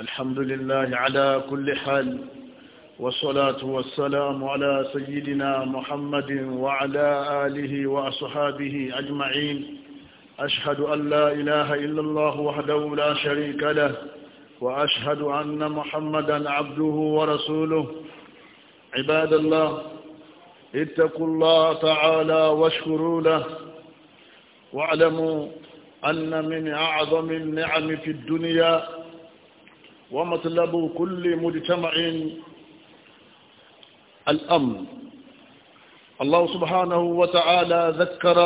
الحمد لله على كل حال والصلاة والسلام على سيدنا محمد وعلى آله وأصحابه أجمعين أشهد أن لا إله إلا الله وحده لا شريك له وأشهد أن محمدا عبده ورسوله عباد الله اتقوا الله تعالى واشكروا له واعلموا أن من أعظم النعم في الدنيا ومطلب كل مجتمع الأمن الله سبحانه وتعالى ذكر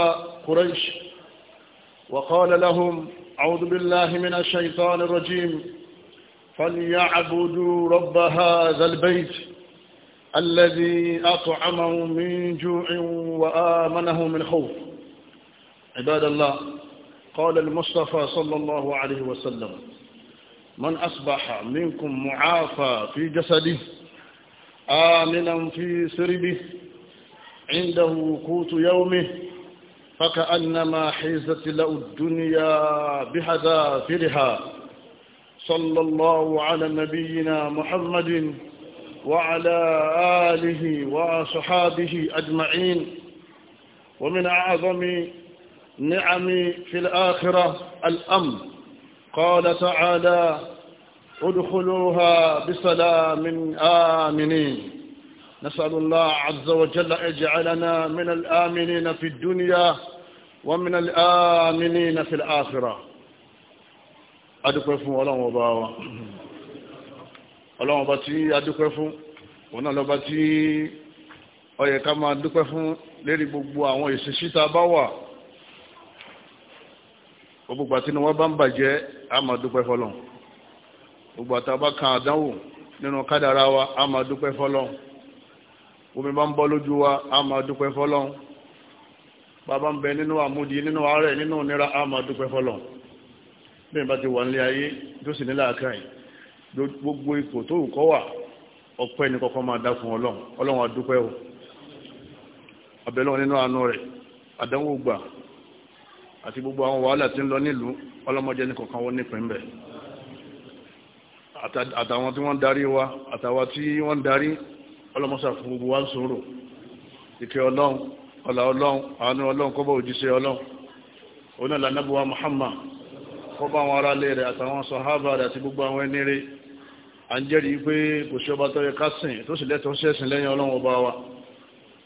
قريش وقال لهم أعوذ بالله من الشيطان الرجيم فليعبدوا رب هذا البيت الذي أطعمهم من جوع وآمنهم من خوف عباد الله قال المصطفى صلى الله عليه وسلم من أصبح منكم معافى في جسده آمنا في سربه عنده قوت يومه فكأنما حيزت له الدنيا بحذافرها صلى الله على نبينا محمد وعلى آله وصحابه أجمعين ومن أعظم نعم في الآخرة الأمن قال تعالى ادخلوها بسلام آمنين نسأل الله عز وجل اجعلنا من الآمنين في الدنيا ومن الآمنين في الآخرة adúpẹ́ fún ọlọ́run ọba wa ọlọ́run ọba tí adúpẹ́ fún òun náà lọ́ba tí ó yẹ ká máa dúpẹ́ fún lérí gbogbo àwọn ìṣesí tá a bá wà gbogbo àti ni wọ́n bá ń bàjẹ́ a máa kadara wa a máa omi bá ń bọ́ lójú wa a máa dúpẹ́ fọ́lọ́n bàbá ń bẹ nínú àmúdi nínú nínú bá ti wà nílé ayé tó sì gbogbo ipò tó wà ní o àbẹ̀lọ́run nínú àánú àdánwò àti gbogbo àwọn wàhálà tí ń lọ nílùú ọlọ́mọdé ní kọ̀ọ̀kan wọ́n nípìn bẹ̀ àtàwọn tí wọ́n darí wa àtàwọn tí wọ́n darí ọlọ́mọsà fún gbogbo wa ń sòrò ìkẹ́ ọlọ́run ọlà ọlọ́run kọ́bọ̀ òjíṣẹ́ ọlọ́run Muhammad kọ́bọ̀ àwọn ará lè rẹ̀ àtàwọn sàhábà rẹ̀ àti gbogbo àwọn ẹni rẹ̀ à ń jẹ́rìí pé kò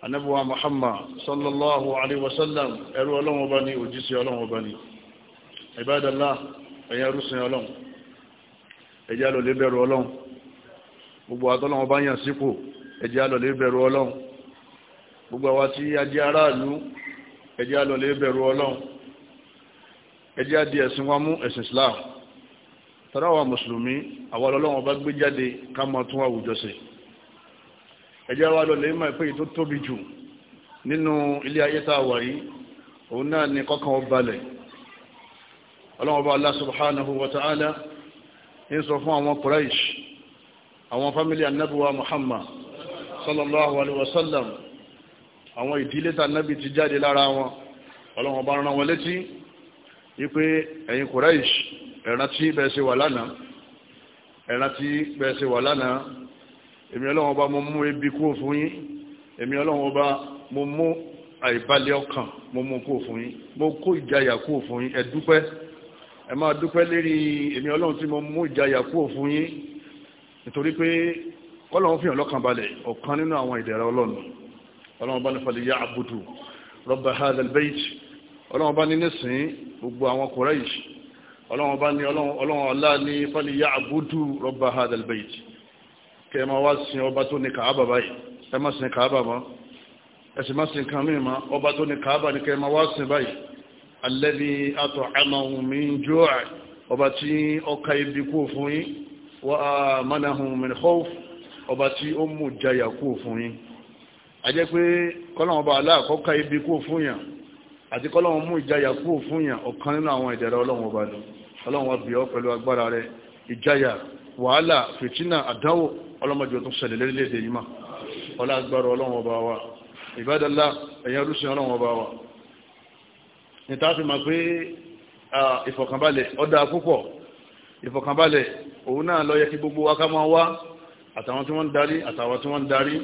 anabuwa muhammad sallallahu alaihi wasallam ẹrú ọlọ́run ọba ni òjíṣẹ́ ọlọ́run ọba ni ìbádàlá ẹ̀yà rúsìn ọlọ́run ẹjẹ́ alọ́lé bẹ̀rù ọlọ́run gbogbo àtọ́lọ́run ọba yàn sípò ẹjẹ́ alọ́lé bẹ̀rù ọlọ́run gbogbo àwa tí a jẹ́ aráàlú ẹjẹ́ alọ́lé bẹ̀rù ọlọ́run ẹjẹ́ adìẹ ẹ̀sìn ẹjẹ́ wa lọ lè máa pé ètò tóbi jù nínú ilé ayé tá a wà yìí òun náà ni kọ́kàn ó balẹ̀ ọlọ́run ọba Allah subhanahu wa ta'ala ń sọ fún àwọn Quraysh àwọn fámílì annabuwa Muhammad sallallahu alaihi wasallam àwọn ìdílé tànàbí ti jáde lára wọn ọlọ́run rán wọn létí wípé ẹ̀yin Quraysh ẹ̀rántí bẹ́ẹ̀ ṣe wà lánàá ẹ̀rántí bẹ́ẹ̀ ṣe wà lánàá èmi ọlọ́run ọba mo mú ebi kúrò fún yín èmi ọlọ́run ọba mo mú àìbalẹ̀ ọkàn mo mú kúrò fún yín mo kó ìjayà kúrò fún yín ẹ dúpẹ́ ẹ máa dúpẹ́ lérí èmi ọlọ́run tí mo mú ìjayà kúrò fún yín nítorí pé ọlọ́run fi hàn lọ́kàn balẹ̀ ọ̀kan nínú àwọn ìdẹ̀ra ọlọ́run ọlọ́run bá ní falẹ̀ yá àbùdù rọ́bà hadal bait ọlọ́run bá ní nísìn gbogbo àwọn Quraish ọlọ́run bá ní ọlọ́run ọlá ní falẹ̀ yá àbùdù rọ́bà hadal kẹ ma wá sin ọba tó ní kàábà báyìí ẹ má sin kàábà mọ́ ẹ sì má sin kan mí ma ọba tó ní kàábà ní kẹ ma wá sin báyìí alladhi at'amahum min ju' ọba tí ọka ibi kú fún yín wa amanahum min khawf ọba tí ó mú jayà kú fún yín a jẹ́ pé kọ́lọ̀wọ́n bá aláàkọ́ka ibi kú fún yàn àti kọ́lọ̀wọ́n mú ìjayà kú fún yàn ọ̀kan nínú àwọn ìdẹ̀rẹ̀ ọlọ́wọ́n bá lọ ọlọ́wọ́n bí ọ pẹ̀lú agbára rẹ̀ ìjayà wàhálà fìtínà àdánwò ọlọ́mọdé tó ṣẹlẹ̀ lórílẹ̀-èdè yìí mà ọlá agbára ọlọ́run ọba wa ìbádàlá ẹ̀yàn rúṣin ọlọ́run ọba wa níta fi máa pé ìfọ̀kànbalẹ̀ ọ̀dà púpọ̀ ìfọ̀kànbalẹ̀ òun náà ló yẹ kí gbogbo wa ká máa wá àtàwọn tí wọ́n ń darí àtàwọn tí wọ́n ń darí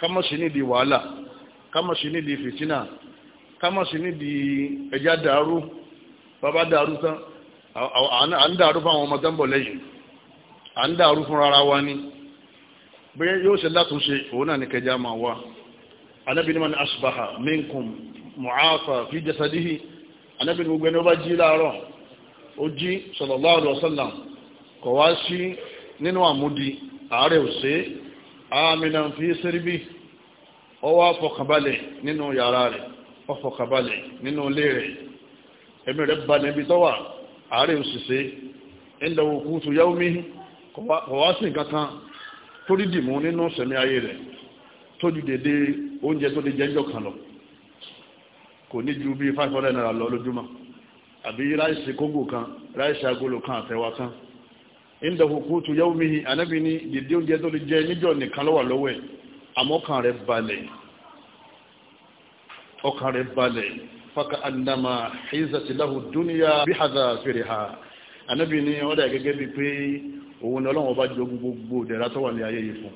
ká má sí nídìí wàhálà ká má ẹja dàrú bàbá dàrú tán à fáwọn ọmọ tó lẹ́yìn à ń dàrú fúnra ara wa ni bí yóò ṣe látúnṣe òun náà ní kẹjá máa wá anábì ní man asbaha minkum mu'afa fi jasadihi anábì ní gbogbo ẹni ó bá jí láàárọ̀ ó jí sallallahu alaihi wasallam kọ̀ wá sí nínú àmúdi àárẹ̀ òṣè àmìnà fi sẹ́ríbì ọwọ́ afọkànbalẹ̀ nínú yàrá rẹ̀ ọfọkànbalẹ̀ nínú ilé rẹ̀ ẹ̀mí rẹ̀ balẹ̀ ibi tọ́wà àárẹ̀ òṣìṣẹ́ inda wukutu yawmihi ọ̀wá sí nǹkan kan tó rí dìmú nínú sẹ̀mí ayé rẹ̀ tó ju dédé oúnjẹ tó lè jẹ́jọ́ kan lọ kò ní ju bí five hundred naira lọ lójúmọ́ àbí ráìsì kóngò kan ráìsì agolo kan àtẹwà kan inda hukutu yawmihi anabi ni dìde oúnjẹ tó lè jẹ níjọ́ nìkan ló lọ́wọ́ ẹ̀ àmọ́kàn rẹ̀ balẹ̀ ọkàn rẹ̀ balẹ̀ faka annama hizati lahu duniya bihadha firiha anabi ni ọdá gẹ́gẹ́ bí pé òun ni ọlọ́wọ́n bá jogun gbogbo ìdẹ̀ra tó wà ní ayé fún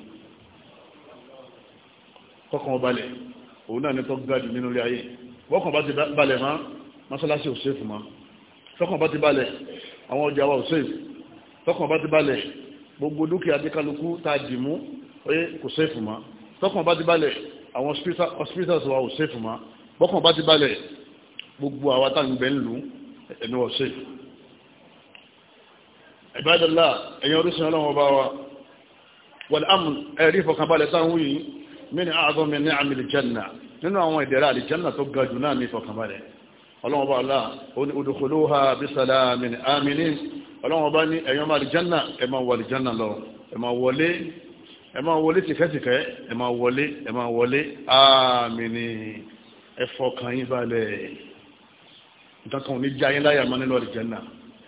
kọ́kàn balẹ̀ òun náà ní tó gbájú nínú ilé ayé wọ́kàn bá ti balẹ̀ mọ́ mọ́sálásí ò sèfù mọ́ tọ́kàn bá ti balẹ̀ àwọn ọjà wa ò sèfù tọ́kàn bá ti balẹ̀ gbogbo dúkìá tí kálukú tá a dì mú oyé kò sèfù mọ́ tọ́kàn bá ti balẹ̀ àwọn hospitals wa ò sèfù mọ́ bọ́kàn bá ti balẹ̀ gbogbo àwa tá à ń bẹ ń lù ẹ̀mí wọ̀ ìbádọ́lá ẹ̀yàn orísun ọlọ́run ọba wa wal amn ẹ̀rí ìfọ̀kànbalẹ̀ sáwọn yìí mini àádọ́ mi ní àmì ìjẹ́nà nínú àwọn ìdẹ̀rẹ̀ àlìjẹ́nà tó ga jù náà ní ìfọ̀kànbalẹ̀ ọlọ́run ọba alá udkhuluha bisalamin aminin ọlọ́run ọba ní ẹ̀yàn máa àlìjẹ́nà ẹ máa wọ àlìjẹ́nà lọ ẹ máa wọlé ẹ máa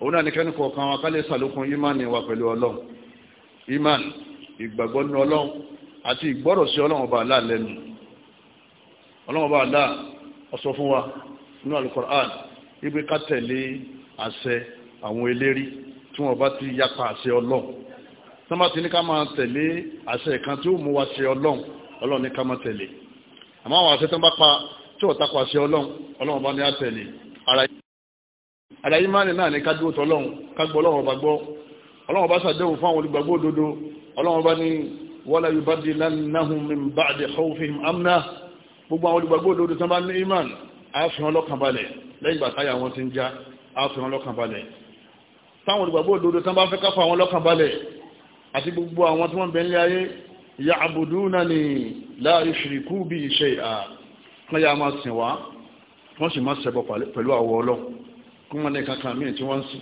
òun náà ní kẹ́ni kọ̀ọ̀kan wa ká lè sàlókun ìmánì wa pẹ̀lú ọlọ́run ìmánì ìgbàgbọ́ nínú ọlọ́run àti ìgbọ́rọ̀ sí ọlọ́run ọba àlá lẹ́nu ọlọ́run ọba àlá ọsọ fún wa nínú alukoran ibi ká tẹ̀lé àṣẹ àwọn eléri tí wọ́n bá ti yapa àṣẹ ọlọ́run tí wọ́n bá ti ní ká máa tẹ̀lé àṣẹ kan tí ó mú wa ṣe ọlọ́run ọlọ́run ní ká máa tẹ̀lé àmọ́ àwọn àṣẹ tó ń bá pa tí wọ́n takò àṣẹ ọlọ́run ọlọ́run bá ní àtẹ̀lé ara àdáyé máa ní náà ní kájú tó ọlọ́run kágbọ́ ọlọ́run ọba gbọ́ ọlọ́run ọba ṣàdéhùn fún àwọn olùgbàgbọ́ òdodo ọlọ́run ọba ní wala yubaddilannahum min ba'di khawfihim amna gbogbo àwọn olùgbàgbọ́ òdodo tán bá ní iman àáfihàn ọlọ́kàn balẹ̀ lẹ́yìn ìgbà táyà wọn ti ń já àáfihàn ọlọ́kàn balẹ̀ táwọn olùgbàgbọ́ òdodo tán bá fẹ́ káfà àwọn ọlọ́kàn balẹ̀ àti gbogbo la yushriku bi shay'a kan yà máa sìn wá wọ́n sì máa ṣẹbọ pẹ̀lú àwọ̀ kó mọ́ ní kankan míì tí wọ́n ń sìn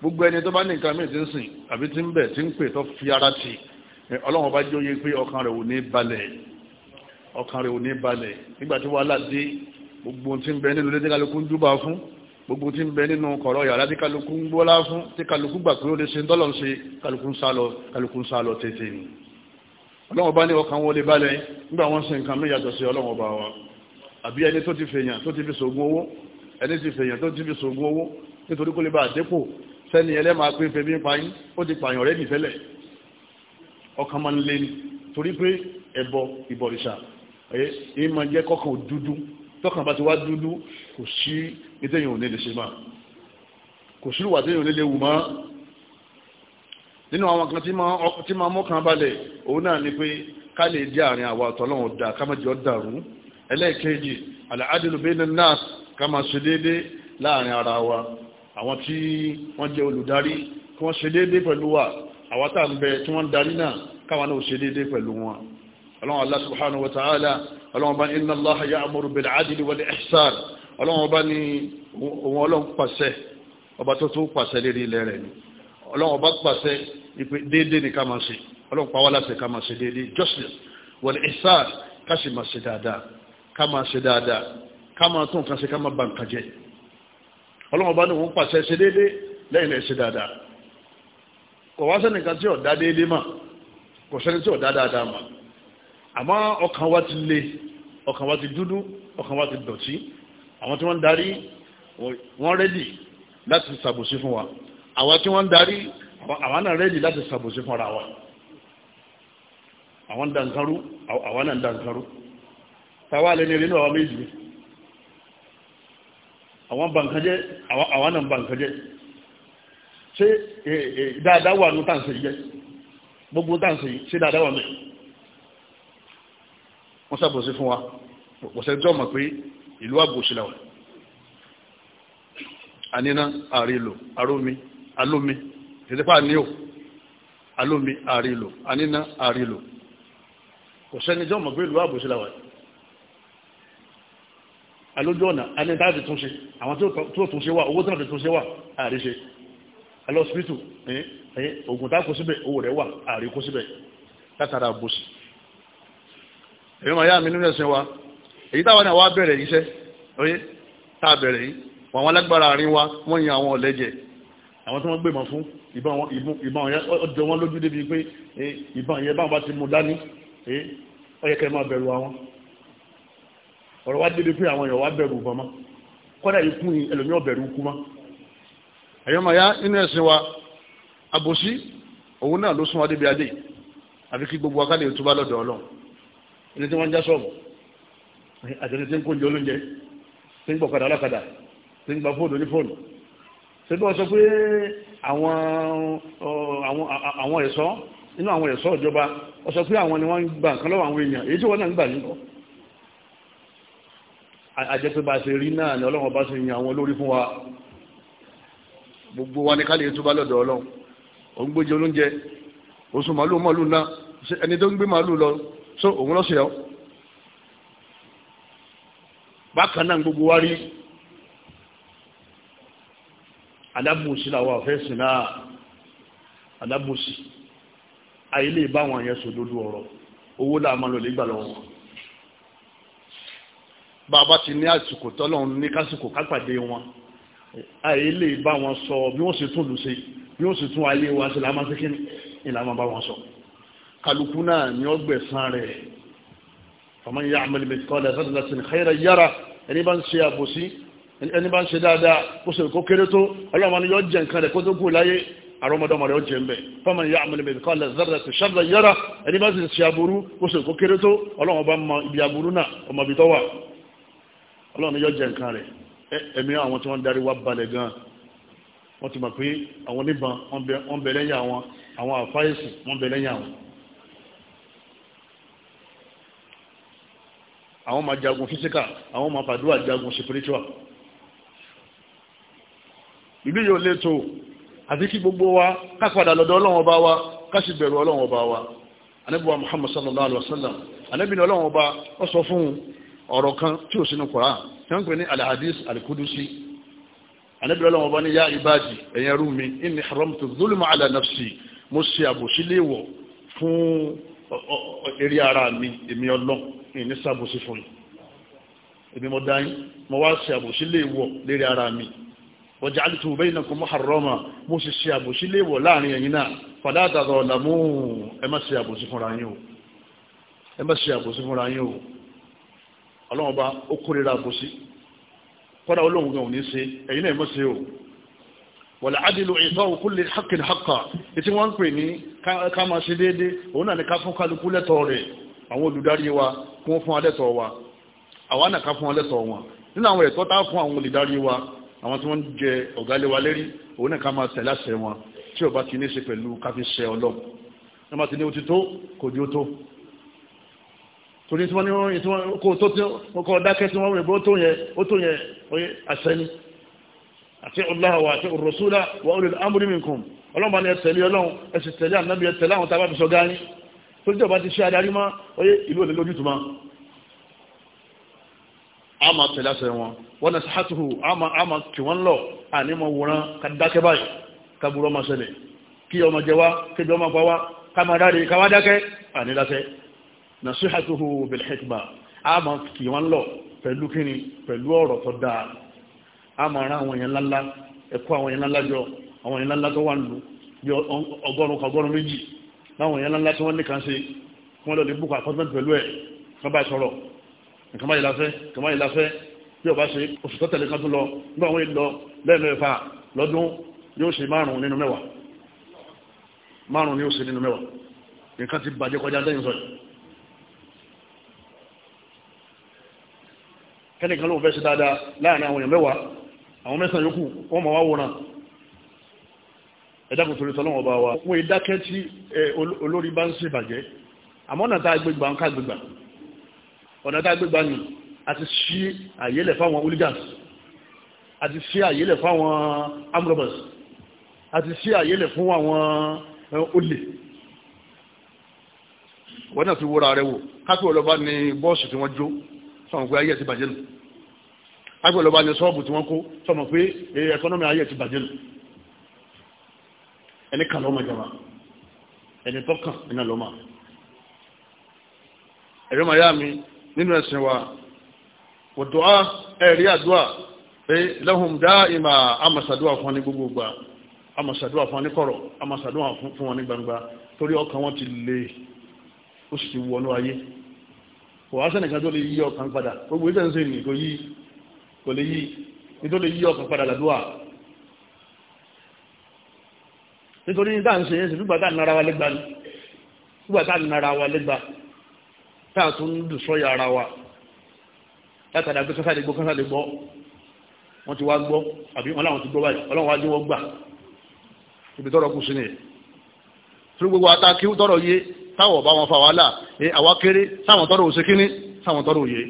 gbogbo ẹni tó bá ní nǹkan míì tí ń sìn àbí tí ń bẹ̀ tí ń pè tó fi ara tì ọlọ́run bá jóye pé ọkàn rẹ̀ ò ní balẹ̀ ọkàn rẹ̀ ò ní balẹ̀ nígbà tí wàhálà dé gbogbo tí ń bẹ nínú ilé tí kálukú ń júbà fún gbogbo tí ń bẹ nínú kọ̀rọ̀ yàrá tí kálukú ń gbọ́lá fún tí kálukú gbà pé ó lè ṣe ń tọ́lọ̀ ń ṣe kálukú ń sá lọ kálukú ń sá lọ tètè ni ọlọ́run bá ní ọkàn wọlé balẹ̀ nígbà wọ́n ṣe nǹkan mí yàtọ̀ sí ọlọ́run ọba wa àbí ẹni tó ti fèèyàn tó ti fi ṣògùn owó ẹni sì fèèyàn tó ti fi sògùn owó nítorí kó lè bá àdépò sẹ́ni ẹlẹ́màá pé fẹ́ bí ń payín ó ti pààyàn rẹ̀ nìfẹ́lẹ̀ ọkàn máa ń lé ní torí pé ẹbọ ìbọ̀rìṣà èyí máa jẹ́ kọ́kàn dúdú tọ́kàn bá ti wá dúdú kò sí ìtẹ̀yìn òní lè ṣe máa kò sí ìwà tẹ̀yìn òní lè wù máa nínú àwọn kan tí máa mọ́kàn balẹ̀ òun náà ni pé ká lè dí àárín àwa àtọ́lọ́wọ̀n dà ká má jẹ́ dàrú ẹlẹ́ẹ̀kejì àlàádìlú bẹ́ẹ̀ náà ká máa ṣe déédé láàrin ara wa àwọn tí wọ́n jẹ́ olùdarí kí wọ́n ṣe déédé pẹ̀lú wa àwọn tá ń bẹ tí wọ́n ń darí náà káwọn náà ṣe déédé pẹ̀lú wọn ọlọ́run Allah subhanahu wa ta'ala ọlọ́run bá ní inna Allaha ya'muru bil 'adli wal ihsan ọlọ́run bá ní òun ọlọ́run pàṣẹ ọba tó tó pàṣẹ justice wal ihsan ká sì máa ṣe dáadáa Kama máa tún kan ṣe ká máa ba nǹkan jẹ́ ọlọ́run ọba ní òun pàṣẹ ṣe déédéé lẹ́yìn lẹ́ẹ̀ ṣe dáadáa kò wá sẹ́ni kan tí ọ̀dá déédéé mà kò sẹ́ni tí ọ̀dá dáadáa mà àmọ́ ọkàn wa ti le ọkàn wa ti dúdú ọkàn wa ti dọ̀tí àwọn tí wọ́n ń darí wọ́n rẹ́dì láti ṣàbòsí fún wa àwa tí wọ́n ń darí àwa náà rẹ́dì láti ṣàbòsí fún ara wa àwọn dankaru àwa náà dankaru tàwa lẹ́ni rí náà wà méjì àwọn bàǹkàjẹ́ àwọn náà bàǹkàjẹ́ ṣé dáadáa wà ní tàǹsì jẹ́ gbogbo tàǹsì ṣé dáadáa wà mẹ́ wọ́n sàbòsí fún wa pọ̀sẹ̀ tí ó mọ̀ pé ìlú àgbòsí làwọn àníná àrílò arómi alómi tètèpá níò alómi àrílò àníná àrílò kò sẹ́ni tí ó mọ̀ pé ìlú àgbòsí làwọn alójú ọ̀nà anẹ́tàbí túnṣe àwọn tí ó túnṣe wà owó tí wọ́n fi túnṣe wà àríṣe alọ́sípítù ogun tá kó síbẹ̀ owó rẹ̀ wà àrí kó síbẹ̀ látara bóṣì èyí ma yá mi nínú ẹ̀sìn wa èyí táwọn náà wá bẹ̀rẹ̀ iṣẹ́ oyé tá a bẹ̀rẹ̀ yìí wọn àwọn alágbára àárín wa wọ́n yin àwọn ọ̀lẹ́jẹ̀ àwọn tí wọ́n gbé mọ̀ fún ìbọn ọjọ́ wọn lójú débi pé ìbọn yẹn báwọn bá ti mú dání ọyẹ́kẹ́ máa bẹ̀rù àwọn ọ̀rọ̀ wá dédé pé àwọn èèyàn wá bẹ̀rù bọ́mọ́ kọ́dà ikú ẹlòmí ọ̀bẹ̀rù kú mọ́ ẹ̀yọ́mọ̀yá inú ẹ̀sìn wa àbòsí òun náà ló sún wa débi adé àfi kí gbogbo akálẹ̀ ìtúbá lọ́dọ̀ ọlọ́run ilé tí wọ́n ń já sọ́ọ̀bù àtẹ̀lẹ́ tí ń kóúnjẹ olóúnjẹ tí ń gbọ̀kadà alákadà tí ń gba fóònù ní fóònù ṣé bí sọ pé àwọn ẹ̀ṣọ́ inú àwọn ẹ̀ṣọ́ ìjọba wọ́n ajẹ́ pé bá ṣe rí náà ni ọlọ́run bá ṣe yan àwọn olórí fún wa gbogbo wa ní ká lè túbá lọ́dọ̀ ọlọ́run ò ń gbójú olóúnjẹ oṣù màálù màálù ná ẹni tó ń gbé màálù lọ só òun lọ́sẹ̀ ọ́ bákan náà gbogbo wa rí alábùsí làwọn àfẹ́sìn náà alábùsí àìlè báwọn yẹn sòdodo ọ̀rọ̀ owó làá máa lọ lè gbà lọ́wọ́ wọn bàbá ti ní àsìkò tọ́lọ́run ní kásìkò kápàdé wọn àyè lè bá wọn sọ bí wọ́n ṣe tún lù ṣe bí wọ́n ṣe tún ayé wa ṣe lámá síkí ìlànà bá wọn sọ kálukú náà ni ó gbẹ̀san rẹ̀ ọmọ ìyá àmàlì mẹ́tìkọ́lẹ̀ sọ́dọ̀lẹ́sìn xẹ́rẹ̀ yára ẹni bá ń ṣe àbòsí ẹni bá ń ṣe dáadáa kó ṣe kó kéré tó ọlọ́mọ ni yóò jẹ nǹkan rẹ̀ kó tó kú láyé àrọ́mọdọ́mọ rẹ̀ ó jẹ ń bẹ̀ fọmọ ìyá àmàlì mẹ́tìkọ́lẹ̀ sọ́dọ̀lẹ́sìn ṣẹ́rẹ̀ yára ẹni bá ń ṣe àbúrú kó ṣe kó kéré tó ọlọ́mọ bá ń mọ ibi àbúrú náà ọmọ ibi tó ọlọ́run yóò jẹ nǹkan rẹ̀ ẹ̀mí àwọn tí wọ́n darí wá balẹ̀ gan wọ́n ti mọ̀ pé àwọn oníbọn wọ́n bẹ lẹ́yìn àwọn àwọn àfáìsì wọ́n bẹ lẹ́yìn àwọn àwọn máa jagun physical àwọn máa fàdúrà jagun spiritual ìlú yóò lè tó àti kí gbogbo wa ká padà lọ́dọ̀ ọlọ́run ọba wa ká sì bẹ̀rù ọlọ́run ọba wa anábíwá Muhammad sallallahu alaihi wa sallam anábìnrin ọlọ́run ọba ó sọ fún ọ̀rọ̀ kan tí ò sínú Qur'an tí wọ́n ń pè ní alhadis alikudusi anábìrẹ́lẹ́ wọn bá ní yá ibadi ẹ̀yẹ rú mi inni haramtu zulma ala nafsi mo ṣe àbòsí léèwọ̀ fún eré ara mi èmi ọlọ́n ní sàbòsí fún yìí èmi mo dáyín mo wá ṣe àbòsí léèwọ̀ lérí ara mi wa ja'altu bainakum muharrama mo sì ṣe àbòsí léèwọ̀ láàrin ẹ̀yin náà fala tazalamu ẹ ẹ má ṣe àbòsí fúnra yín o ọlọ́run bá ó kórira kò sí kọ́dà olóhùn gan ò ní ṣe ẹ̀yin náà mọ́ ṣe o wọ̀lẹ̀ adìlú ìtọ́ òkúlé hakin haka tí wọ́n ń pè ní ká máa ṣe déédé òun náà ni ká fún kálukú lẹ́tọ̀ọ́ rẹ̀ àwọn olùdarí wa kí wọ́n fún alẹ́tọ̀ọ́ wa àwọn náà ká fún alẹ́tọ̀ọ́ wọn nínú àwọn ẹ̀tọ́ tá fún àwọn olùdarí wa àwọn tí wọ́n jẹ ọ̀gálẹ́ wa lérí òun náà ká máa tẹ̀lé àṣẹ wọn tí ó bá ti ní ṣe pẹ̀lú káfíṣẹ́ ọlọ́run torí tí wọ́n ní wọ́n tí wọ́n kó tó tí wọ́n kọ́ dákẹ́ tí wọ́n wọ́n ìbò tó yẹ ó tó yẹ oyé àṣẹni àti ọláhàwà àti òrùsúlà wà ó lè amúrí minkum ọlọ́mọba ni ẹ̀tẹ̀lé ọlọ́run ẹ̀sì tẹ̀lé ànábì ẹ̀tẹ̀lé àwọn tàbá fi sọ gáyé tó jẹ́ ọba ti ṣe adarí mọ́ oyé ìlú òlè lójú tuma a máa tẹ̀lé àṣẹ wọn wọn na sàtúhù a máa kì wọ́n lọ àní mọ wòran ka dákẹ́ báyìí ka burú ọmọ ṣẹlẹ̀ kí ọmọ jẹ wá kébi ọmọ nasihatuhu bil hikma a ma kì wọ́n lọ pẹ̀lú kíni pẹ̀lú ọ̀rọ̀ tó dáa a ma rán àwọn èèyàn lálá ẹ̀kọ́ àwọn èèyàn lálá jọ àwọn èèyàn lálá tó wà lù bí ọgọ́rùn ọgọ́rùn méjì láwọn èèyàn lálá tí wọ́n nìkan ṣe kí wọ́n lọ lè búkọ apọ́tmẹ́ntì pẹ̀lú ẹ̀ kán bá sọ̀rọ̀ nǹkan báyìí láfẹ́ nǹkan báyìí láfẹ́ bí ọba ṣe oṣù tó tẹ̀lé kan tó lọ nígbà wọn lọ lẹ́ẹ̀mẹ́fà lọ́dún yóò ṣe márùn-ún nínú mẹ́wàá márùn yóò ṣe nínú mẹ́wàá nǹkan ti bàjẹ́ kọjá lẹ́yìn sọ̀rọ̀ kẹ́nìkan ló fẹ́ ṣe dáadáa láàrin àwọn èèyàn mẹ́wàá àwọn mẹ́sàn yòókù wọ́n ma wá wòrán ẹ̀dá kò torí sọlọ́wọ́ bá wa wọ́n ìdákẹ́ tí olórí bá ń ṣe bàjẹ́ àmọ́ ọ̀nà tá a gbégbà ń ká gbégbà ọ̀nà tá a gbégbà ni a ti ṣí àyélẹ̀ fáwọn hooligans a ti ṣí àyélẹ̀ fáwọn amrobas a ti ṣí àyélẹ̀ fún àwọn olè wọ́n náà fi wúra rẹ̀ wò kápẹ́ sọ̀rọ̀ pé ayé ti bàjẹ́ nù agbẹ̀lọba ni sọ́ọ̀bù tí wọ́n kó sọ̀rọ̀ pé ẹkọ́nọ́mì ayé ti bàjẹ́ nù ẹni kà lọ́mọ ìjọba ẹni tó kàn iná lọ́mọ ẹ̀rọ màyá mi nínú ẹ̀sìn wa òdò á ẹ̀rí àdúà pé lẹ́hùn dá ìmà àmàṣàdúà fún ní gbogbo gbà àmàṣàdúà fún ní kọ̀rọ̀ àmàṣàdúà fún wọn ní gbangba torí ọkàn wọn ti le ó sì wọnú ayé kò wá sẹ́nìkan tó lè yí ọkàn padà gbogbo ìtẹ́ ń ṣe ní kò yí kò lè yí nítorí lè yí ọkàn padà làdúwà nítorí ní dáà ń ṣe yẹn sí nígbà táà nara wa lẹ́gbà ní nígbà táà nara wa lẹ́gbà táà tún ń dùn sọ́yà ara wa látàdà pé kásá lè gbọ́ kásá lè gbọ́ wọ́n ti wá gbọ́ àbí wọn láwọn ti gbọ́ báyìí ọlọ́run wájú wọn gbà ibi tọ́rọ kù ẹ àwa kéré sáwọn tọ́rọ òṣè kíní sáwọn tọ́rọ òye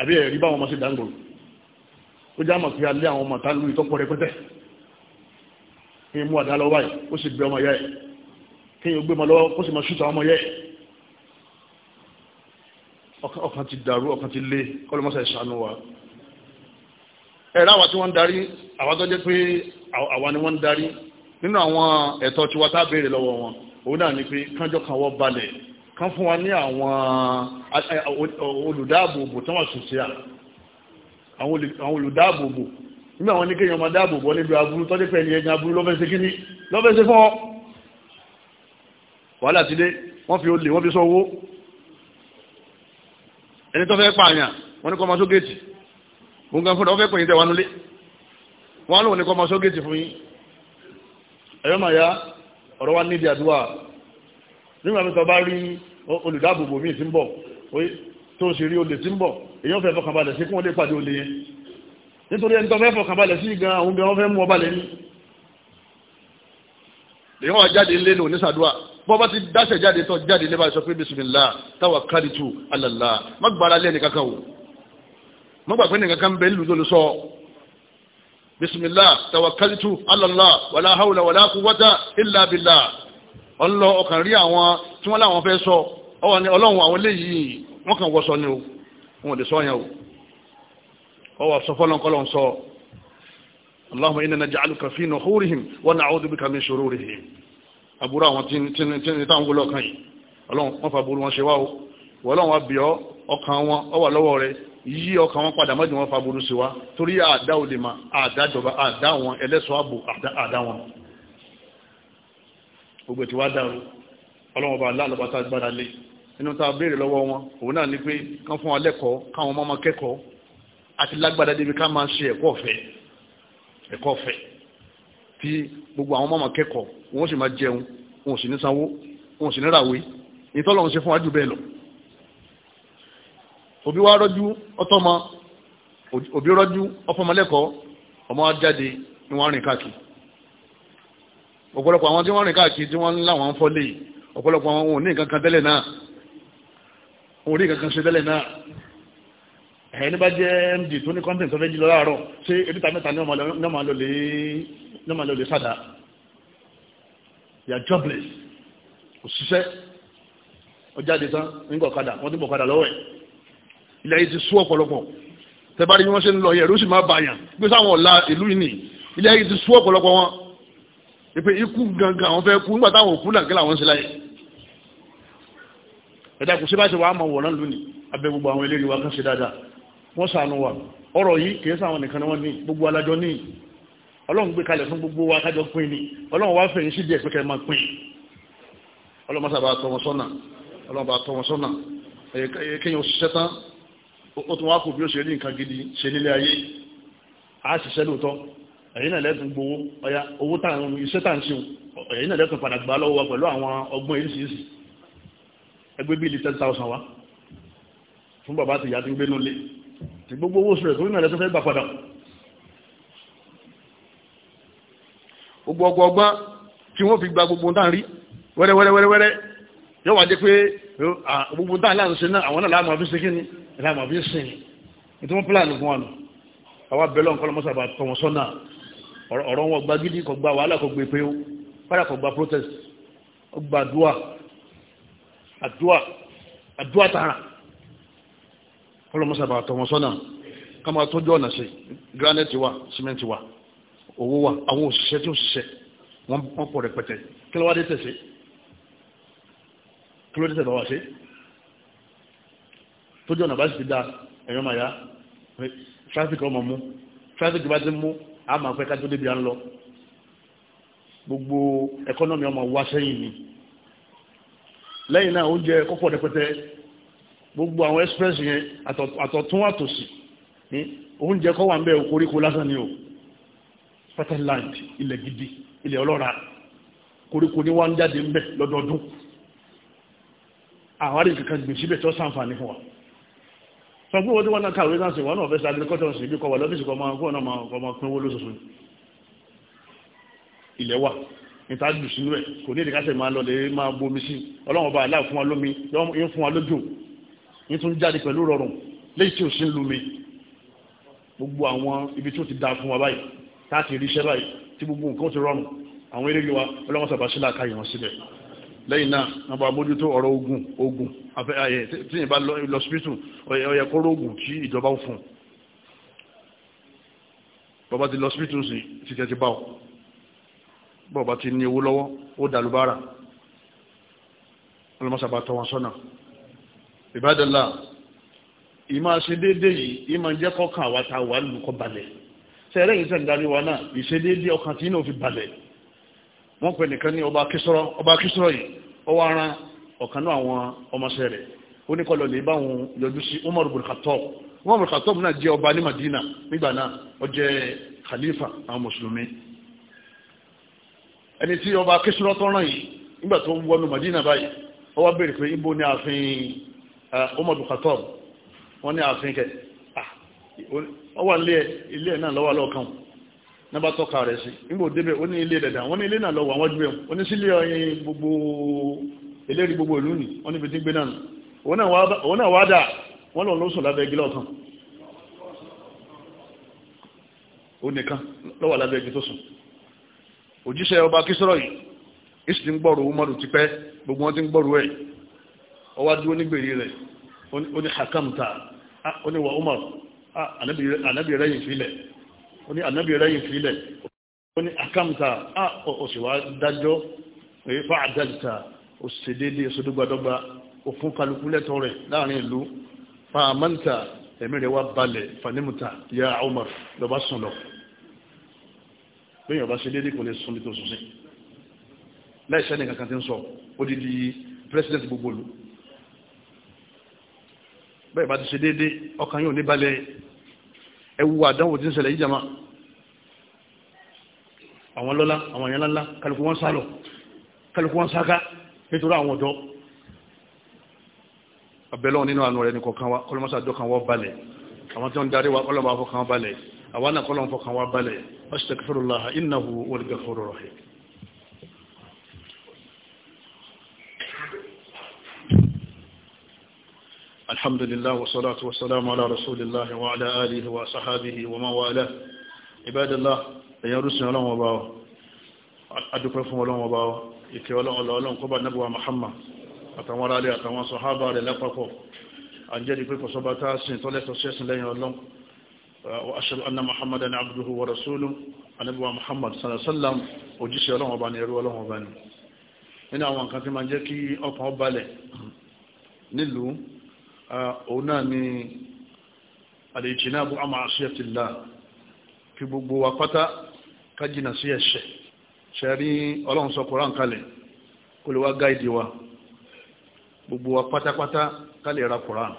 àbí ẹ̀rí báwọn ọmọ sí dáńgò ó já mọ̀ sí alẹ́ àwọn ọmọ tá lórí tọ́pọ̀ rẹpẹtẹ kí n mú àdá lọ́wọ́ ẹ̀ ó sì gbé ọmọ yẹ ẹ̀ kí n gbé ọmọ lọ́wọ́ ó sì mọ ṣùtọ̀ ọmọ yẹ ẹ̀ ọkàn ti dàrú ọkàn ti lé kọ́lọ́mọ́sà ìṣàánú wa ẹ̀rá àwa tí wọ́n ń darí àwa tó jẹ́ pé àwa ni wọ́n ń darí nínú àwọn ẹ̀tọ́ tiwa tá a béèrè lọ́wọ́ wọn òun náà ni pé kánjọ́ kan wọ́ balẹ̀ kán fún wa ní àwọn olùdáàbòbò tó wà ṣùṣe à àwọn olùdáàbòbò nígbà wọn ní kéèyàn máa dáàbòbò níbi aburú tọ́jú pé ẹni ẹ̀yìn aburú lọ́fẹ́ ṣe kíní lọ́fẹ́ ṣe fún ọ wàhálà ti dé wọ́n fi olè wọ́n fi sọ owó ẹni tó fẹ́ pààyàn wọ́n ní kọ́ máa sógéètì òun gan fúnra wọ́n fẹ́ pèyìn tẹ̀wánulé wọ́n á lóun ní kọ́ máa sógéètì fún yín ẹ̀yọ́ màá yá ọ̀rọ̀ wa níbi àdúrà nígbà mẹ́ta bá rí olùdáàbòbò míì tí ń bọ̀ tó ń ṣe rí olè tí ń bọ̀ èyàn fẹ́ fọkànbalẹ̀ sí kún ó lè pàdé olè yẹn nítorí ẹni tó fẹ́ fọkànbalẹ̀ sí gan àwọn obìnrin fẹ́ mú ọba lẹ́ ní èyàn wà jáde ńlẹ́ ní onísàdúrà bọ́ bá ti dáṣẹ̀ jáde tó jáde lẹ́bàá sọ pé bisimilá táwa káàdìtù alàlá má gbára lẹ́nìkankan wò má gbà pé nìkankan bẹ́ẹ̀ lù tó lè sọ bisimilah tawakalitu alala wàlá haula wàlá kúwata illa billah ọlọ ọkàn rí àwọn tí wọ́n láwọn fẹ́ sọ ọwọ́ ni ọlọ́run àwọn léyìí wọ́n kàn wọ́sọ ni o wọ́n lè sọ yẹn o ọwọ́ sọ fọ́lọ́n kọ́lọ́n sọ allahumma inna naj'aluka fi nuhurihim wa na'udhu bika min shururihim àbúrò àwọn tí táwọn gbọ́lọ́ kan yìí ọlọ́run wọ́n fa burú wọn ṣe wá o wọ́n lọ́wọ́ wa bì ọ́ ọkàn wọn ọwọ́ lọ́wọ́ rẹ̀ yí ọkàn wọn padà mọ́jú wọn fa burú sí wa torí àdá olè ma àdájọba àdá wọn ẹlẹ́sọ ààbò àdá wọn gbogbo tí wá dáru ọlọ́wọ́n bá lálọ́bá tá gbára lé inú ta béèrè lọ́wọ́ wọn òun náà ni pé kán fún wa lẹ́kọ̀ọ́ káwọn máa kẹ́kọ̀ọ́ àti lágbádá débi ká máa ṣe ẹ̀kọ́ ọ̀fẹ́ ẹ̀kọ́ ọ̀fẹ́ tí gbogbo àwọn máa kẹ́kọ̀ọ́ wọn sì máa jẹun wọn sì ní sanwó wọn sì ní ràwé ìtọ́lọ́run òbí wa rọ́jú ọtọ́mọ òbí rọ́jú ọfọmọlẹ́kọ̀ọ́ ọmọ ajáde ni wọ́n rìn káàkiri ọ̀pọ̀lọpọ̀ àwọn tí wọ́n rìn káàkiri tí wọ́n láwọn ń fọ́lé ọ̀pọ̀lọpọ̀ àwọn òní nǹkan kan tẹ́lẹ̀ náà òní nǹkan kan ṣe tẹ́lẹ̀ náà ẹni bá jẹ́ md tó ní kọ́ńtẹ̀ tó fẹ́ jí lọ láàárọ̀ ṣé ebíta mẹ́ta ní ọmọ lọ lè sádà yà jobless òṣìṣẹ́ ọjáde tán nígbà ọ̀kadà wọ́n ti bọ̀ ọ̀kadà lọ́wọ́ ẹ̀ ilẹ̀ yìí ti sú ọ̀pọ̀lọpọ̀ tẹ́bárí wọ́n ṣe ń lọ yẹ ẹ̀rú sì máa bàyàn pé sáwọn ọ̀la ìlú yìí nì ilẹ̀ yìí ti sú ọ̀pọ̀lọpọ̀ wọn ìpè ikú gangan àwọn fẹ́ kú nígbà táwọn òkú làǹkẹ́ làwọn ṣe láyé ẹ̀dá kò sí wàá máa wọ̀rán lónìí abẹ́ gbogbo àwọn eléré wa kan ṣe dáadáa wọ́n ṣàánú wa ọ̀rọ̀ yìí kìí sáwọn nìkan ni wọ́n ní gbogbo alájọ ní ọlọ́run gbé kalẹ̀ fún gbogbo wa kájọ pín ní ọlọ́run wá fẹ̀yìn sí díẹ̀ pé kẹ́ẹ̀ máa pín ọlọ́run bá tọ́ wọn sọ́nà ọlọ́run bá tọ́ wọn sọ́nà kéèyàn ṣiṣẹ́ tán ó tún wá kò bí ó ṣe rí nǹkan gidi ṣe nílé ayé a ṣiṣẹ́ lóòótọ́ ẹ̀yìn náà lẹ́tùn gbowó ọya owó táwọn iṣẹ́ tà ń ṣe ẹ̀yìn náà lẹ́tùn padà gbà lọ́wọ́ wa pẹ̀lú àwọn ọgbọ́n ìrísìírísì ẹgbẹ́ bíi ten thousand wa fún bàbá àti ìyá tí ń gbé nulẹ̀ tí gbogbo owó oṣù rẹ̀ tó ní ìrìnàlẹ́tùn fẹ́ gbà padà gbogbo ọgbọgbọ́n tí wọ́n fi gba gbogbo ń tàn rí wẹ́rẹ́wẹ́rẹ́wẹ́rẹ́ yóò wá dé pé gbogbo dáa láàrín ṣe náà àwọn náà láàmà fi ṣe kí ni láàmà fi ṣe ni ètò wọn pílànì fún wa nù àwa bẹ̀rẹ̀ ọ̀nkọ́ lọ́mọ́sà bá tọ̀ wọn sọ́nà ọ̀rọ̀ wọn gba gidi kò gba wàhálà kò gbé pé ó padà kò gba protest ó gba àdúà àdúà àdúà tààrà ọlọ́mọ́sà bá tọ̀ wọn sọ́nà ká máa tọ́jú ọ̀nà sí granite wa cement wa owó wa àwọn òṣìṣẹ́ tí òṣìṣẹ́ wọ́n pọ̀ rẹpẹtẹ kí ló wá dé tẹ̀sí kí ló dé sẹ̀dọ̀ wá ṣe tó jẹ́ ọ̀nà bá sì ti dá ẹ̀yọ́ màá yá tráfíkì ọmọ mú tráfíkì bá ti mú a máa fẹ́ kájọ́ débi à ń lọ gbogbo ẹkọ́nọ́mì ọmọ wá sẹ́yìn ni lẹ́yìn náà oúnjẹ kọ́pọ̀ rẹpẹtẹ gbogbo àwọn express yẹn àtọ̀tún àtòsì oúnjẹ kọ́ wà ń bẹ́ lásán ni o fertile land gidi ilẹ̀ ọlọ́ra koríko ni wọ́n ń jáde ń bẹ̀ àwárí kankan gbè síbẹ̀ tó sàǹfààní fún wa sọ pé wọ́n tí wọ́n náà kàwé náà sì wọ́n náà fẹ́ sí agirikọ́tọ̀ sí ibi kọwà lọ́fíìsì kọmọ ọgbọ́n náà ọmọ pín owó lóṣooṣù ilẹ̀ wà níta jù sínú ẹ̀ kò ní ìdíkásẹ̀ máa lọlẹ̀ máa bomi sí ọlọ́run ọba aláà fún wa lómi yóò mi gbogbo àwọn ibi tí ó ti da fún wa báyìí táà ti ríṣẹ́ báyìí tí gbogbo nǹkan ti lẹ́yìn náà wọ́n bá mójútó ọ̀rọ̀ ogun ogun tí yìnbá lọ sípítù ọ̀yẹ̀ kóró ogun tí ìjọba ń fún bọ́bá ti lọ sípítù sí títẹ́ ti bá ọ bọ́bá ti ní owó lọ́wọ́ ó dàlúbára ọlọ́mọsàbà tọ́ wọn sọ́nà ìbádọ́lá ìmọ̀ àṣedédé yìí ìmọ̀ jẹ́ kọ́kàn àwátà wà lùkọ́ balẹ̀ sẹ́rẹ́yìn sẹ́ńdarí wa náà ìṣedédé ọkàn tí náà fi balẹ̀ wọ́n pè nìkan ní ọba kísọ́rọ́ ọba kísọ́rọ́ yìí ọwọ́ ara ọ̀kan náà àwọn ọmọọṣẹ́ rẹ̀ ó ní kọlọ̀ lè bá wọn yọjú sí Umar bin Umar náà jẹ́ ọba ní Madina nígbà náà ó jẹ́ khalifa àwọn mùsùlùmí ẹni tí ọba ràn yìí nígbà tó wọnú Madina báyìí ó wá pé ni Umar kẹ ọ nígbà tó ka rẹ̀ sí nígbà òdébẹ̀ ó ní ilé dẹ̀dà wọ́n ní ilé náà lọ wà wọ́n jùlọ ó ní sílé ọyìn gbogbo eléri gbogbo ìlú nì wọ́n níbi tí gbé náà òun náà wá dà wọ́n lọ lóṣùn lábẹ́ igi lọ́ọ̀kan ó nìkan lọ́wọ́ lábẹ́ igi tó sùn òjíṣẹ́ ọba kísọ́rọ̀ yìí ìsì ń gbọ́rù umaru ti pẹ́ gbogbo wọn ti ń gbọ́rù ẹ̀ ọwá dúró nígbèrè rẹ̀ ó rẹ̀ yìí fílẹ̀ ó ní ànábì rẹ́yìn sílẹ̀ ó ní àkàmta á òṣèwà dájọ́ fa àdájìta òṣèdédé òṣèdúgbàdọ́gba òfún kálukú lẹ́tọ́ rẹ̀ láàrin ìlú fa àmọ́ǹta ẹ̀mí rẹ̀ wá balẹ̀ fanimuta ya Umar lọ́ba sùn lọ lóyìn ọba ṣe dédé kò lè sùn nítorí sùn sí láìsẹ́ ní kankan tí ń sọ odidi president gbogbo lu bẹ́ẹ̀ bá ti ṣe dédé ọkàn yóò ní balẹ̀ ẹwu àdánwò tí ń ṣẹlẹ̀ yìí jama àwọn lọ́lá àwọn èèyàn ńlá kálukú wọn sálọ kálukú wọn sáká nítorí àwọn ọ̀dọ́ abẹ́lọ́wọ̀n nínú àánú rẹ̀ ní kọ̀ọ̀kan wa kọlọmọ́sá dọ́kan wọ́n balẹ̀ àwọn tí wọ́n darí wa kọlọmọ́ afọ́kan wọ́n balẹ̀ àwọn náà kọlọmọ́ fọ́kan wọ́n balẹ̀ astaghfirullah innahu wal ghafurur rahim الحمد لله والصلاة والسلام على رسول الله وعلى آله وصحابه ومن والاه عباد الله يا رسل الله وباو أدوكم فم الله وباو يكي الله الله الله قبا نبوة محمد أتوار عليه أتوار صحابة للأفقه أنجلي بكم صباتا تاسين طلعت وسيسن لين الله وأشهد أن محمدا عبده ورسوله أنبوة محمد صلى الله عليه وسلم وجيش الله وباني يروى الله وباني إن أوان كانت من جاكي أوقع بالي nílùú Ah, òun náà ni àlèjìnàbù àmà àṣíyàtìlá kí gbogbo wa pátá kájìnà sí ẹ̀ṣẹ̀ ṣe rí ọlọ́run sọ Kùránì kalẹ̀ kó lè wá gáìdì wa gbogbo wa pátápátá ká lè ra Kùránì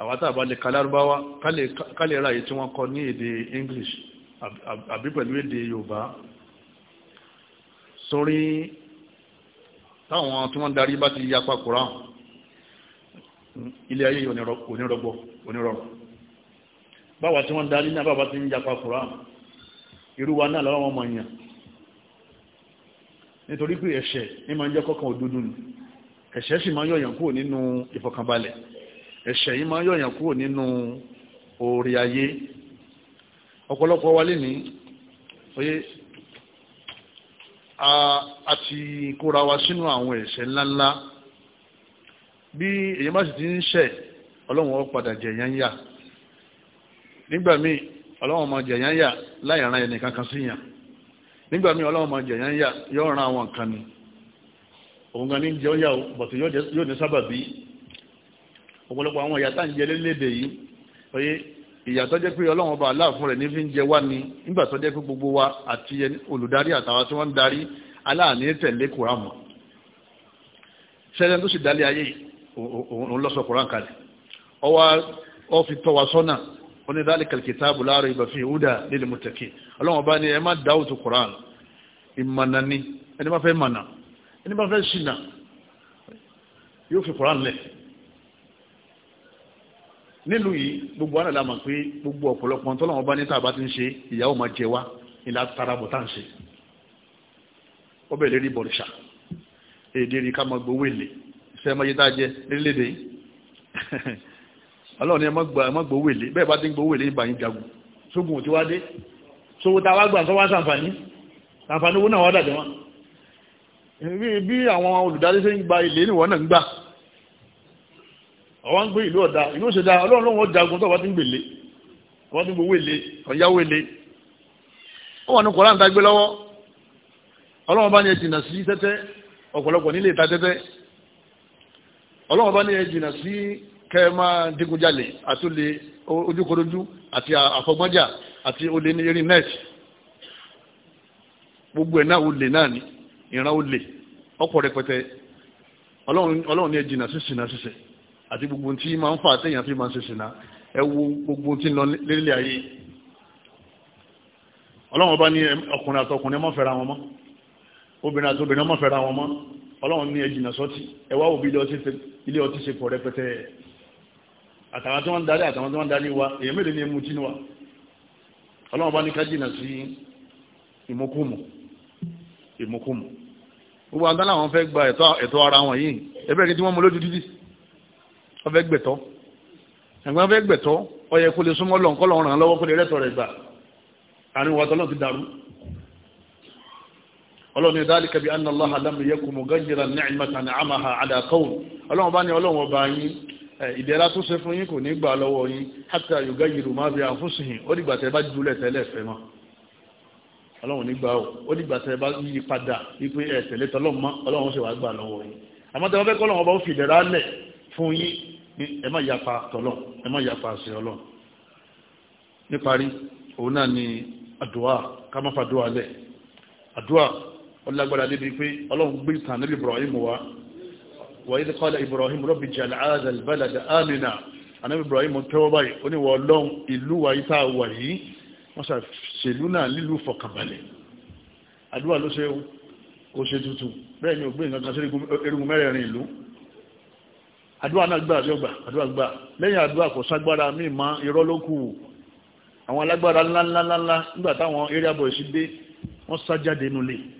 àwátà àbálẹ̀ kalárúbáwá ká lè ra èyí tí wọ́n kọ ní èdè English àbí pẹ̀lú èdè Yorùbá sórí táwọn tí wọ́n darí bá ti yapa Kùránì ilé ayé onírọ̀gbọ̀ onírọ̀rùn báwa tí wọ́n darí náà báwa tí ń japa Qur'an irú wa náà lọ́wọ́ ọmọ èèyàn nítorí pé ẹ̀ṣẹ̀ ní máa ń jẹ́ kọ́kàn òdodo ni ẹ̀ṣẹ̀ sì máa ń yọ̀yàn kúrò nínú ìfọ̀kànbalẹ̀ ẹ̀ṣẹ̀ yìí máa ń yọ̀yàn kúrò nínú oore ayé ọ̀pọ̀lọpọ̀ wa lè ní oye a ti kóra wa sínú àwọn ẹ̀ṣẹ̀ ńláńlá bí èyàn bá sì ti ń ṣẹ̀ ọlọ́run ó padà jẹ̀yàn yà nígbà míì ọlọ́run máa jẹ̀yàn yà láì ran ẹnì kankan sí yàn nígbà míì ọlọ́run yà àwọn ni òun gan yà ó bọ̀tù yóò ní ọ̀pọ̀lọpọ̀ àwọn ìyá tá ń jẹ lélédè yìí ni nígbà tó gbogbo wa àti olùdarí àtàwọn tí wọ́n ń darí aláàní tẹ̀lé kùrámù tó sì òun lọ́sọ̀ kùrán kalẹ̀ ọwá ọ́fi tọwà sọ́nà onídàálìkàl kìtàbù láàrọ̀ ìbà fi húdà lil muttaqin ọlọ́wọ́n bá ní ẹ má dáwùtù kùrán ìmànà ni ẹni bá fẹ́ mànà ẹni bá fẹ́ ṣìnà yóò fi kùrán lẹ̀ nílùú yìí gbogbo àná la mọ̀ pé gbogbo ọ̀pọ̀lọpọ̀ tọ́lọ́wọ́n bá ní tá a bá ti ń ṣe ìyàwó máa jẹ wá ìlà tarabọ̀ tá à ń ṣe ọbẹ̀ lérí bọ̀rìṣà èdè rí ká máa gbowó èlé sẹ́mọ̀yé tá a jẹ lélédè yìí ọlọ́run ni ẹ mọ́ gbowó èlé bẹ́ẹ̀ bá ti ń gbowó èlé ìbà yín jagun sógun ò ti wá dé sówó tá a wá gbà sọ́wọ́ sàǹfààní sàǹfààní owó náà wá dàjọ́ wọn bí àwọn olùdarí ṣe ń gba ilé níwọ̀n náà ń gbà ọwọ́n ń gbé ìlú ọ̀dà ìlú òṣèdá ọlọ́run lóun jagun tó wá ti ń gbèlé wọ́n ti ń gbowó èlé ọ̀yáwó èlé ó ní kọ́lá ń ta gbé lọ́wọ́ ọlọ́run bá ní ẹ̀ ọlọ́wọ́ bá ní ẹ jìnà sí kẹ máa digunjalè àti olè àti àfọgbọ́njà àti olè ní erin gbogbo ẹ̀ náà olè náà ni ìran olè ọ̀pọ̀ rẹpẹtẹ ọlọ́run ní ẹ jìnà sí sinà sísẹ àti gbogbo tí máa ń fà máa ń sinà ẹ wo gbogbo tí ń lọ lélẹ̀ ayé bá ní ọkùnrin wọn mọ́ obìnrin wọn ọlọ́run ní ẹjìnà sọ́tí ẹwà òbí ilé ọtí ṣe pọ̀ rẹpẹtẹ àtàwọn tí wọ́n ń darí àtàwọn tí wọ́n ń darí wa èyàn mẹ́rin ní ẹmu tí ní wa ọlọ́run bá ní ká jìnà sí ìmúkùmù ìmúkùmù gbogbo àgbà náà wọ́n fẹ́ gba ẹ̀tọ́ ara wọn yìí ẹbẹ́ ni tí wọ́n mú lójú títì wọ́n fẹ́ gbẹ̀tọ́ ẹ̀gbọ́n fẹ́ gbẹ̀tọ́ ó yẹ kó lè súnmọ́ lọ́nkọ́ lọ́rùn lọ́wọ́ kó lè rẹ́tọ̀ rẹ̀ gbà àárín wa tọ́lọ́ ti dàrú ọlọ́run ní dáríkà bí anna Allah lam yakun mughayyiran ni'matan an'amaha ala qawm ọlọ́run bá ní ọlọ́run ọba tó ṣe fún yín kò ní gbà lọ́wọ́ yín ma bi fụsihin ó dìgbà tẹ́ bá jùlẹ̀ tẹ́lẹ̀ fẹ́ mọ́ ọlọ́run ní gbà ó ó dìgbà tẹ́ bá yí padà wípé tẹ̀lé mọ́ ọlọ́run ṣe gbà lọ́wọ́ yín àmọ́ ó fi lẹ̀ fún yín ẹ má ẹ má ó lágbára débi pé ọlọ́run gbé ìtàn níbi Ibrahim wa wa idh qala Ibrahim rabbi ij'al hadha al-balada amina anábì Ibrahim tẹ́wọ́ báyìí ó ní wọ ọlọ́run ìlú wa yìí tá a wà yìí wọ́n ṣàṣèlú náà lílù fọkànbalẹ̀ àdúrà ló ṣe kò ṣe tutù bẹ́ẹ̀ ni ò gbé nǹkan kan sí erigun mẹ́rẹ̀ẹ̀rin ìlú àdúrà náà gbà àbí ọgbà àdúrà gbà lẹ́yìn àdúrà kò ságbára míì mọ́ irọ́ ló kù àwọn alágbára ńláńláńlá nígbà táwọn area boys dé wọ́n sá jáde nulẹ̀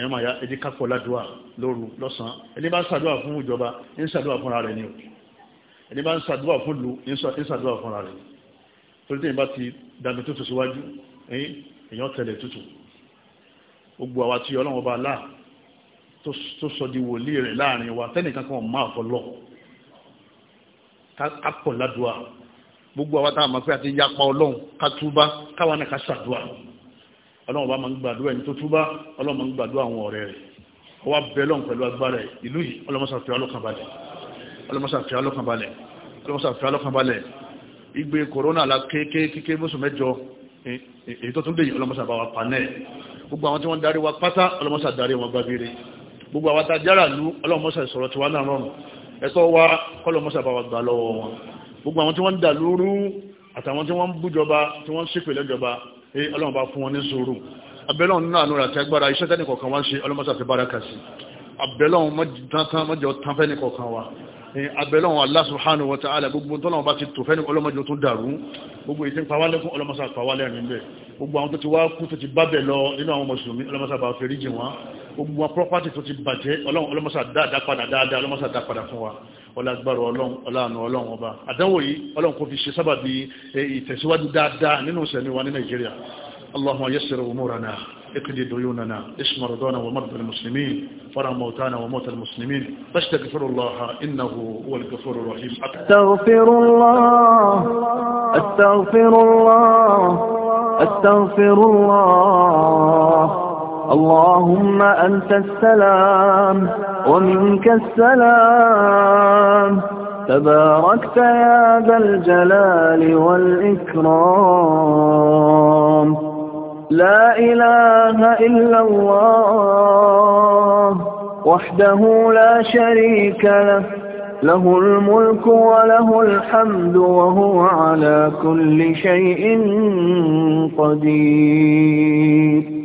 ẹ̀yàn máa ya ẹdí kápọ̀ ládùúà lóru lọ́sàn-án ẹni bá ń ṣàdúà fún ìjọba ń ṣàdúà fúnra rẹ̀ ni o ẹni bá ń ṣàdúà fún lu ń ṣàdúà fúnra rẹ̀ torí tẹ́yìn bá ti dàgbé tútù síwájú ẹ̀yìn èèyàn tẹ̀lé tútù gbogbo àwa tí ọlọ́run bá láà tó sọ di wòlíì rẹ̀ láàrin wa tẹ́nìkan kan máa fọlọ́ kápọ̀ ládùúà gbogbo àwa táwọn máa fẹ́ àti yapa ọlọ́run ọlọ́run bá máa ń gbàdúrà ẹni tó túbá ọlọ́run máa ń gbàdúrà àwọn ọ̀rẹ́ rẹ̀ ọwọ́ bẹ́ẹ̀ lọ́n pẹ̀lú agbára ìlú yìí ọlọ́mọsàfẹ́ alọ́kànbalẹ̀ ọlọ́mọsàfẹ́ alọ́kànbalẹ̀ ọlọ́mọsàfẹ́ alọ́kànbalẹ̀ igbe kòrónà la kéékèèké bóṣù mẹ́jọ èyí tó tún dé yìí ọlọ́mọsàbà wa panẹ́ gbogbo àwọn tí wọ́n darí wa pátá ọlọ́mọsà darí wọn gbàgbére gbogbo àwọn tajára lu ọlọ́mọsà ìsọ̀rọ̀ tiwa náà rọrùn ẹ̀tọ́ Eh, ọlọ́run bá fún wọn ní sùúrù abẹ́lọ́run náà lóra àti agbára iṣẹ́ tẹ́nì kọ̀ọ̀kan wá ń ṣe ọlọ́mọ́sà fi bára kàsí abẹ́lọ́run mọ́jọ́tán mọ́jọ́tán fẹ́nì kọ̀ọ̀kan wá eh, Allah subhanahu wa ta'ala gbogbo tọ́lọ́run bá ti tò fẹ́nì ọlọ́mọjọ́ tó dàrú gbogbo ìsìn pawálẹ́kún ọlọ́mọ́sà pawálẹ́rin bẹ́ẹ̀ gbogbo àwọn tó ti wá kú tó ti bá bẹ̀ lọ nínú àwọn mùsùlùmí ọlọ́mọ́sà bá fẹ́ríjì wọn gbogbo wọn property tó ti ọlágbára ọlọ́run ọláàánú ọlọ́run ọba àdánwò yìí ọlọ́run kò fi ṣe sábàbí eh, ìtẹ̀síwájú dáadáa nínú ìṣẹ̀mí wa ní nàìjíríà اللهم يسر أمورنا اقضي ديوننا اسم رضانا ومرضى المسلمين فرع موتانا وموت المسلمين فاستغفر الله إنه هو الغفور الرحيم استغفر الله استغفر الله استغفر الله اللهم أنت السلام ومنك السلام تباركت يا ذا الجلال والإكرام لا إله إلا الله وحده لا شريك له له الملك وله الحمد وهو على كل شيء قدير